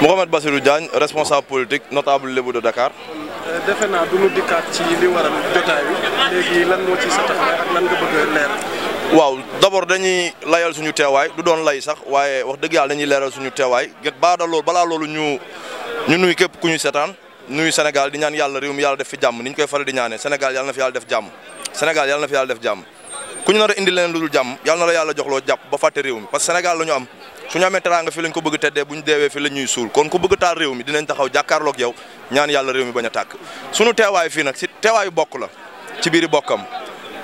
Mouhamed Bassirou Diagne responsable politique notable lébu de Dakar. Euh, defe naa du ñu dikkaat ci li waral jotaay léegi lan moo ci sa taxawaay a leeral. waaw d'abord teewaay du doon lay sax waaye wax dëgg yàlla dañuy leeral suñu teewaay gët baa da loolu balaa loolu ñu ñu nuy képp ku ñuy seetaan nuyu Sénégal di ñaan yàlla réew mi yàlla def fi jàmm ni ñu koy faral di ñaanee Sénégal yàlla na fi yàlla def jàmm Sénégal yàlla na fi yàlla def jàmm ku ñu nar a indi leneen lu dul jàmm yàlla na yàlla joxloo jàpp ba fàtte réew mi parce que Sénégal ñu am suñu amee teraanga fi lañ ko bëgg teddee bu ñu deewee fi la ñuy suul kon ko bëgg taal réew mi dinañ taxaw jàkkaarloog yow ñaan yàlla réew mi bañ a tàkk suñu teewaay fii nag si teewaayu bokk la ci biiri bokkam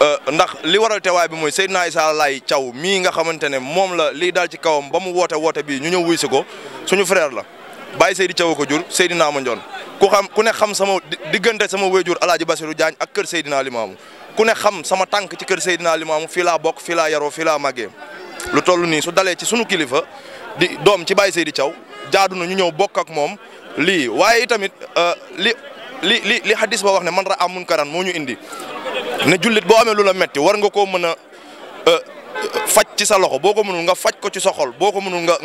euh, ndax li waral teewaay bi mooy Seydina Issa Laye Thiaw mii nga xamante ne moom la lii daal ci kawam ba mu woote woote bi ñu ñëw wuy si ko suñu frère la Baye Seydi Thiaw ko jur Seydina ma njoon ku xam ku ne xam sama diggante sama wéjur Alaaji Basiru Diagne ak kër Seydina Limaamu ku ne xam sama tànk ci kër Seydina Limaamu fii laa bokk fii laa yaroo fii laa màggee lu toll nii su dalee ci sunu kilifa di doom ci Baye Seydi Thiaw jaadu na ñu ñëw bokk ak moom lii waaye tamit euh, li li li li hadis ba wax ne man ra am munkaran moo ñu indi ne jullit boo amee lu la metti war nga koo mën a euh, euh, faj ci sa loxo boo ko mënul nga faj ko ci sa xol boo ko mënul nga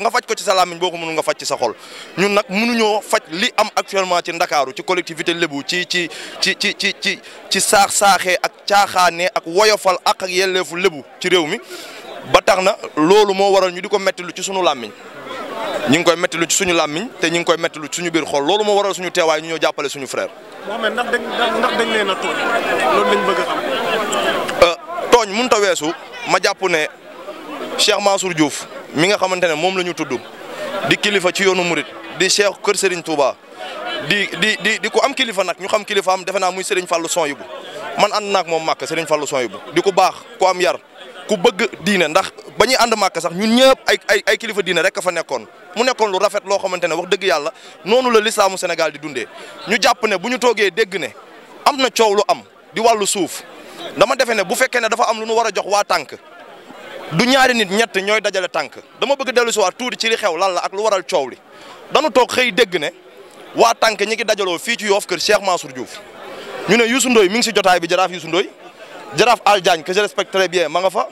nga faj ko ci sa làmmiñ boo ko mënul nga faj ci sa xol nag mënuñoo faj li am actuellement ci ndakaaru ci collectivité lébu ci ci ci ci ci ci ci saax saaxee ak caaxaanee ak woyofal ak ak yelleefu lébu ci réew mi ba tax na loolu moo waral ñu di ko métti ci suñu làmmiñ ñu ngi koy métti ci suñu làmmiñ te ñu ngi koy métti suñu biir xol loolu moo waral suñu teewaay ñu ñëw jàppale suñu frère. Mohamed ndax dañ ndax dañ a tooñ loolu lañ euh, weesu ma jàpp ne Cheikh Mansour Diouf mi nga xamante ne moom la ñu tudd di kilifa ci yoonu murit di Cheikh Kër Serigne Touba di di di di ko am kilifa nag ñu xam kilifa am defe naa muy Serigne Fallou Son yibu man ànd naak moom màkk Serigne Fallou Son yibu di ko baax ko am yar ku bëgg diine ndax ba ñuy ànd màkk sax ñun ñëpp ay ay kilifa diine rek a fa nekkoon mu nekkoon lu rafet loo xamante ne wax dëgg yàlla noonu la lislaamu Sénégal di dundee ñu jàpp ne bu ñu toogee dégg ne am na coow lu am di wàllu suuf dama defe ne bu fekkee ne dafa am lu ñu war a jox waa tànk du ñaari nit ñett ñooy dajale tànk dama bëgg dellu si waat tuuti ci li xew lan la ak lu waral coow li dañu toog xëy dégg ne waa tànk ñi ki dajaloo fii ci yoof kër Cheikh Mansour Diouf ñu ne Youssou Ndoye mi ngi si jotaay bi jaraaf Youssou jaraaf Al Diagne que je respecte bien ma nga fa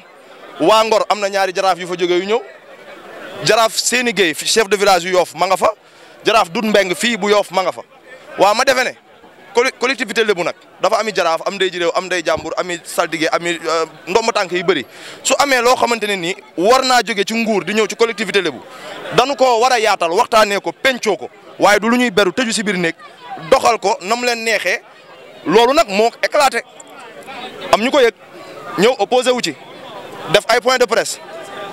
waa Ngor am na ñaari jaraaf yu fa jógee yu ñëw jaraaf Séni Gueye chef de village yu Yoff ma nga fa jaraaf Doudou beng fii bu Yoff ma nga fa waaw ma defe ne collectivité lébu nag dafa ami jaraaf am day jiréew am day jàmbur ami saltige ami euh, ndomba tànk yi bari su amee loo xamante ne nii war naa jóge ci nguur di ñëw ci collectivité lébu dañu ko war a yaatal waxtaanee ko pencoo ko waaye du lu ñuy beru tëju si biir néeg doxal ko nam leen neexee loolu nag moo éclaté am ñu ko yëg ñëw opposé wu ci def ay point de presse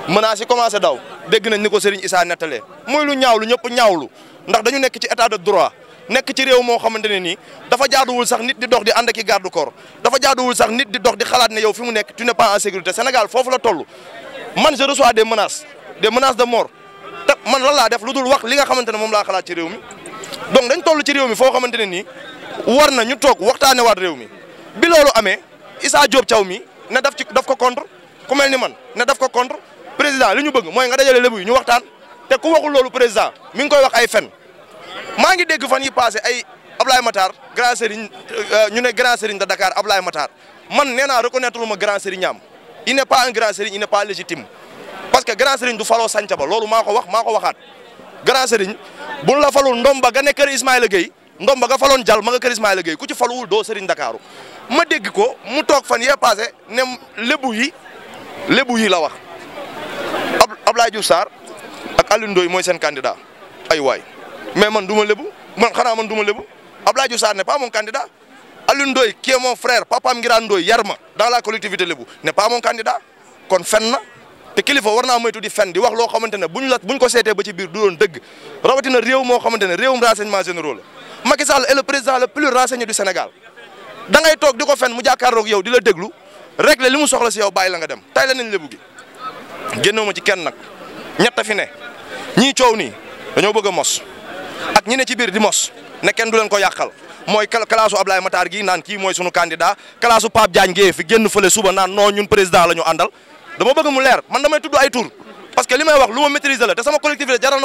menaces yi commencé daw dégg nañ ni ko Serigne Issa nettalee muy lu ñaawlu ñaaw lu ndax dañu nekk ci état de droit nekk ci réew moo xamante ne nii dafa jaaduwul sax nit di dox di ànd ki i garde corps dafa jaaduwul sax nit di dox di xalaat ne yow fi mu nekk tu n'es pas en sécurité Sénégal foofu la toll man je reçois des menaces des menaces de mort te man lan laa def lu dul wax li nga xamante ne moom laa xalaat ci réew mi dañ toll ci réew mi foo xamante ne nii war na ñu toog waxtaane waat réew mi bi loolu amee Issa Diop Thiaw mi ne daf ci daf ko contre ku mel ni man ne daf ko contre président li ñu bëgg mooy nga dajale lébu yi ñu waxtaan te ku waxul loolu président mi ngi koy wax ay fen maa ngi dégg fan yi passé ay Ablaye Matar grand sëriñ euh, ñu ne grand sëriñ de Dakar Ablaye Matar man nee naa reconnaître lu ma grand sëriñ ñaam il n'est pas un grand sëriñ il pas légitime parce que grand sëriñ du faloo sanca ba loolu maa ko wax maa ko waxaat grand sëriñ buñ la falul ndom ba ga ne kër Ismaïla Gueye ndom ba nga faloon jal ma nga kër Ismaïla Gueye ku ci faluwul doo sëriñ ma dégg ko mu toog fan yee passé ne lébu yi lébu yi la wax ab Abdoulaye Diouf Sarr ak Alioune Ndoye mooy seen candidat ay waay mais man du ma lébu man xanaa man du ma lébu Abdoulaye Diouf Sarr n'est pas mon candidat Alioune Ndoye qui est mon frère papaam Ngiraan Ndoye yar ma dans la collectivité lébu ne pas mon kon fen na te kilifa war naa moytu fen di wax loo xamante ne buñ la buñ ko seetee ba ci biir du doon dëgg rawatina réew moo xamante ne réewum renseignement généraux la Macky Sall est le président le da ngay toog di ko fen mu jàkkaarloog yow di la déglu régler li mu soxla si yow bàyyi la nga dem tay la nañ lébu gi génnoo ma ci kenn nag ñett fi ne ñii coow nii dañoo bëgg a mos ak ñi ne ci biir di mos ne kenn du leen ko yàqal mooy kalaasu Ablaye Matar gi naan kii mooy sunu candidat kalaasu Pape Diagne gee fi génn fële suba naan non ñun président la ñu dama bëgg mu leer man damay tudd ay tur parce li may wax lu ma maîtriser la te sama collectivité ma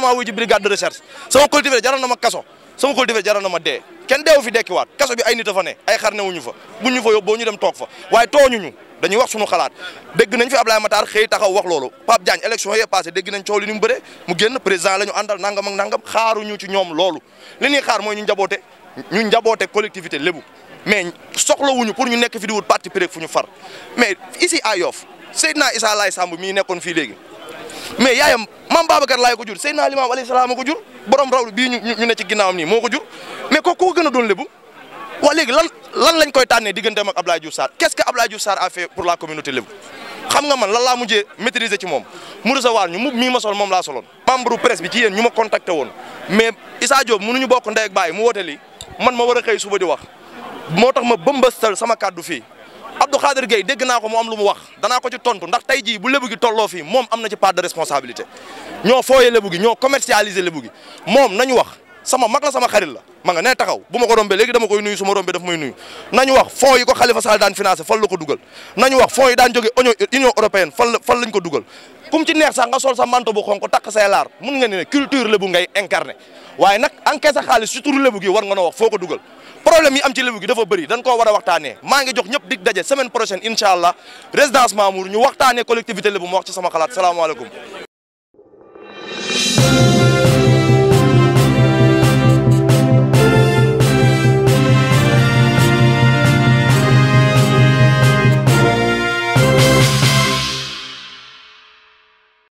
kaso sama xol defee jaroon na ma dee kenn deewu fi dekkiwaat kaso bi ay nit a fa ne ay ñu newuñu fa buñ ñu fa boo ñu dem toog fa waaye ñu dañuy wax suñu xalaat dégg nañ fi Ablaye Matar xëy taxaw wax loolu Pape Diagne élection yee passé dégg nañ coow li ni mu bëree mu génn président la ñu àndal nangam ak nangam xaaruñu ñoom loolu li ñuy xaar mooy ñu njaboote ñu njaboote collectivité lébu mais soxlawuñu pour ñu nekk fi di wut parti péré fu ñu far mais ici à Yoff Seydina Issa Laye Samb mii nekkoon fii léegi mais yaayam maam Babacar laay ko jur Seydina Limaamu alayhi salaam ko jur borom rawlu bii ñu ñu ne ci ginnaawam nii moo ko jur ko ko a doon lébu waa lan lan lañ koy tànnee digganteem ak Abdoulaye Diouf Sarr qu'est-ce que Abdoulaye Diouf Sarr a fait pour la communauté lébu xam nga man lan laa mujjee maîtriser ci moom mu recevoir ñu mu mii ma sol moom laa soloon membre presse bi ci yéen ñu ma contacté woon mais Issa Diop mënuñu bokk ndey ak baay mu woote lii man ma war a xëy suba di wax moo tax ma bëmbastal sama kàddu fii Abdou Khader Gueye dégg naa ko mu am lu mu wax danaa ko ci tontu ndax jii bu lébu gi tolloo fii moom am na ci part de responsabilité ñoo fooyee lébu gi ñoo commercialiser lébu gi moom nañu wax sama mag la sama xarit la ma nga nee taxaw bu ma ko rombee léegi dama koy nuyu su ma daf may nuyu nañu wax fonds yi ko Khalifa Sall daan financé fan la ko dugal nañu wax fonds yi daan jóge union européenne fan la fan lañ ko dugal kum ci neex sax nga sol sa manteau bu xonk takk mun nga ne ne culture lébu ngay incarné waaye nag encaisse gi war nga noo wax foo ko dugal problème yi am ci Lebu gi dafa bëri dañ koo war a waxtaanee maa ngi jox ñëpp dig daje semaine prochaine incha allah résidence Mamour ñu waxtaanee collectivité Lebu mu wax ci sama xalaat salaamaaleykum